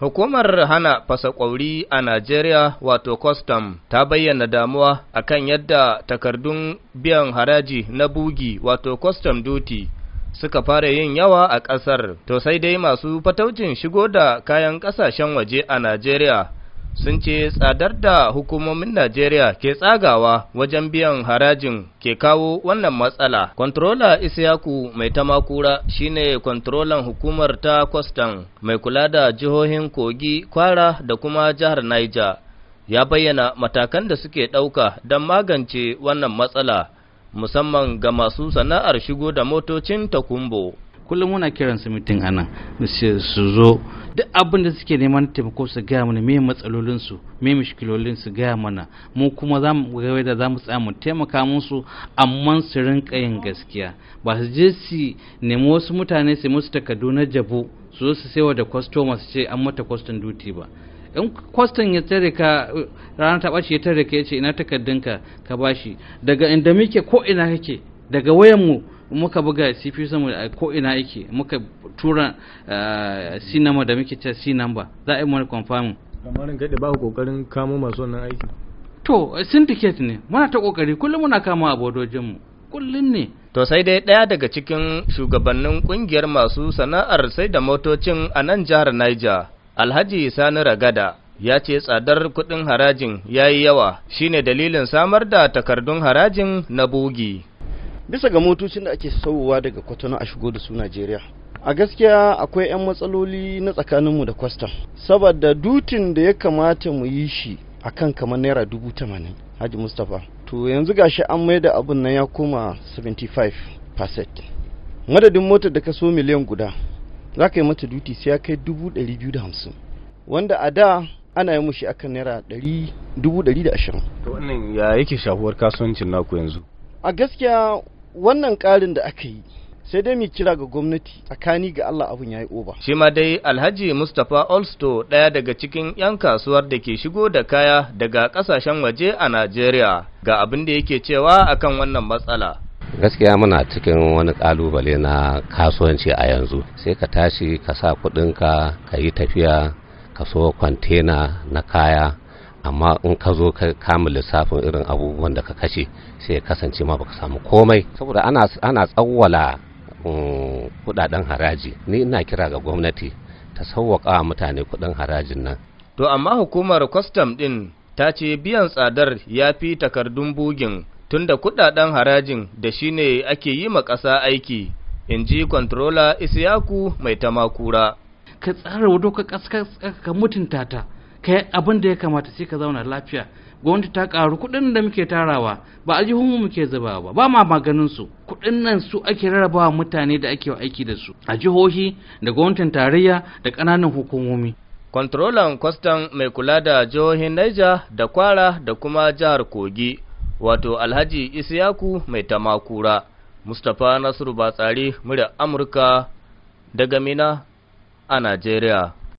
Hukumar hana fasakwauri a Najeriya wato custom ta bayyana damuwa a kan yadda takardun biyan haraji na bugi wato custom duty suka fara yin yawa a ƙasar, to sai dai masu fataucin shigo da kayan ƙasashen waje a Najeriya sun ce tsadar da hukumomin Najeriya ke tsagawa wajen biyan harajin ke kawo wannan matsala. Kontrola Isiyaku mai tamakura shine kontrolan hukumar ta kwastan mai kula da jihohin Kogi, Kwara da kuma jihar Niger. Ya bayyana matakan da suke ɗauka don magance wannan matsala, musamman ga masu sana'ar shigo da motocin takumbo. kullum muna kiran su mitin anan su zo duk abin da suke neman taimako su gaya mana me matsalolin su me mishkilolin su gaya mana mu kuma za mu ga da za mu tsaya mu taimaka musu amma su rinka yin gaskiya ba su je su nemi wasu mutane su musu takardu na jabu su zo su saiwa da kwastoma su ce an mata kwastan duty ba in kwastan ya tare ka ranar ta ɓace ya tare ka ya ce ina takardunka ka bashi daga inda muke ko ina kake daga wayanmu muka buga cpu samu a ko ina yake muka tura eh, c number da muke ce c number za a yi mana confirming kamar gaɗe ba ku kokarin kamo masu wannan aiki to syndicate ne muna ta kokari kullum muna kama a mu, kullum ne To sai dai daya daga cikin shugabannin ƙungiyar masu sana'ar sai da motocin a nan jihar Niger, Alhaji Sani Ragada, ya ce tsadar kuɗin harajin ya yi yawa shine dalilin samar da takardun harajin na bugi. bisa ga motocin da ake sauwa daga kwatano a shigo da su najeriya a gaskiya akwai 'yan matsaloli na tsakaninmu da kwastam saboda dutin da ya kamata mu yi shi a kan kamar naira dubu tamanin haji mustapha to yanzu gashi an mai da abin nan ya koma 75 percent madadin motar da ka so miliyan guda za ka yi mata duti sai ya kai dubu ɗari biyu da hamsin wanda a da ana yi mushi akan naira ɗari dubu ɗari da ashirin to wannan ya yake shafuwar kasuwancin naku yanzu a gaskiya wannan ƙarin da aka yi sai dai mu kira ga gwamnati tsakani ga Allah abun yayi oba shi ma dai Alhaji Mustapha Olsto ɗaya daga cikin yan kasuwar da ke shigo da kaya daga ƙasashen waje a Najeriya ga abin da yake cewa akan wannan matsala gaskiya muna cikin wani ƙalubale na kasuwanci a yanzu sai ka tashi ka sa kuɗinka ka yi tafiya ka so kwantena na kaya amma in ka zo ka kama lissafin irin abubuwan da ka kashe sai ya kasance ma baka samu komai saboda ana tsawwala mm, kudaden haraji ni ina kira ga gwamnati ta sauwaka mutane kudin harajin nan to amma hukumar kwastam din ta ce biyan tsadar ya fi takardun bugin tunda kudaden harajin da shi ne ake yi ma ƙasa aiki in ji kontrola isiyaku mai tamakura ka tsara wadoka ka mutunta ta kai abin da ya kamata sai ka zauna lafiya gwamnati ta karu kuɗin da muke tarawa ba aljihunmu muke zuba ba ba ma maganin su kuɗin nan su ake rarrabawa mutane da ake aiki da su a jihohi da gwamnatin tarayya da ƙananan hukumomi Kontrolan kwastan mai kula da jihohin Naija da Kwara da kuma jihar Kogi, wato Alhaji Isiyaku mai tamakura, Mustapha Nasiru Batsari, murya Amurka daga Mina a Najeriya.